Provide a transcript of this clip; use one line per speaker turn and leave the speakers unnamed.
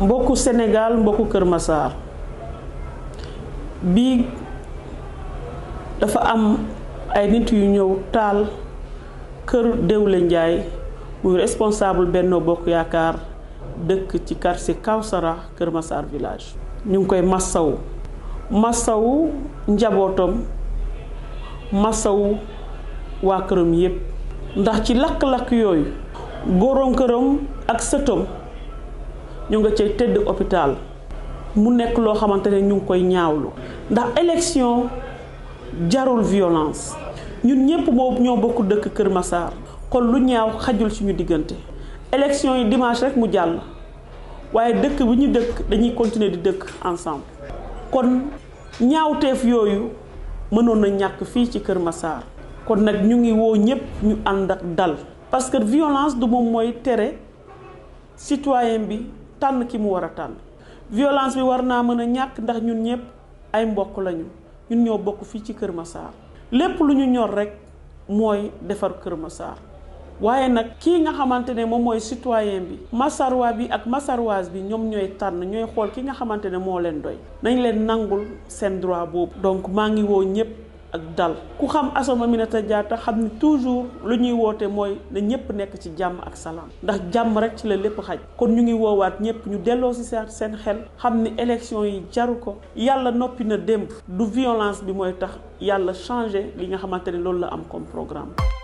mbokk Sénégal mbokk Kër Massar bii dafa am ay nit yu ñëw taal kër Déwle Ndiaye muy responsable Benno Bokk Yaakaar dëkk ci quartier Kawsara Kër Massar village ñu ngi koy massawu masawu njabootam masawu waa këram yépp ndax ci lakk-lakk yooyu góorom këram ak sëtam ñu nga cay tëdd hôpital mu nekk loo xamante ne ñu ngi koy ñaawlu ndax élection jarul violence ñun ñëpp moo ñoo bokk dëkk Kër Massar kon lu ñaaw xajul suñu diggante élection yi dimanche rek mu jàll waaye dëkk bi ñu dëkk dañuy continuer di dëkk ensemble kon ñaawteef yooyu mënoon na ñàkk fii ci Kër Massar kon nag ñu ngi woo ñëpp ñu ànd ak dal parce que violence du moom mooy tere citoyen bi tànn ki mu war a tànn violence bi war naa mën a ñàkk ndax ñun ñëpp ay mbokk lañu ñun ñoo bokk fii ci Kër Massar lépp lu ñu ñor rek mooy defar Kër Massar waaye nag kii nga xamante ne moom mooy citoyen bi Massarwa bi ak Massarwaas bi ñoom ñooy tànn ñooy xool ki nga xamante ne moo leen doy nañ leen nangul seen droit boobu donc maa ngi woo ñëpp ak dal ku xam Assome Aminata Diatta xam ni toujours lu ñuy woote mooy na ñëpp nekk ci jàmm ak salaam ndax jàmm rek ci la lépp xaj kon ñu ngi woowaat ñëpp ñu delloo si seen xel xam ni élection yi jaru ko yàlla noppi na démb du violence bi mooy tax yàlla changé li nga xamante ne loolu la am comme programme.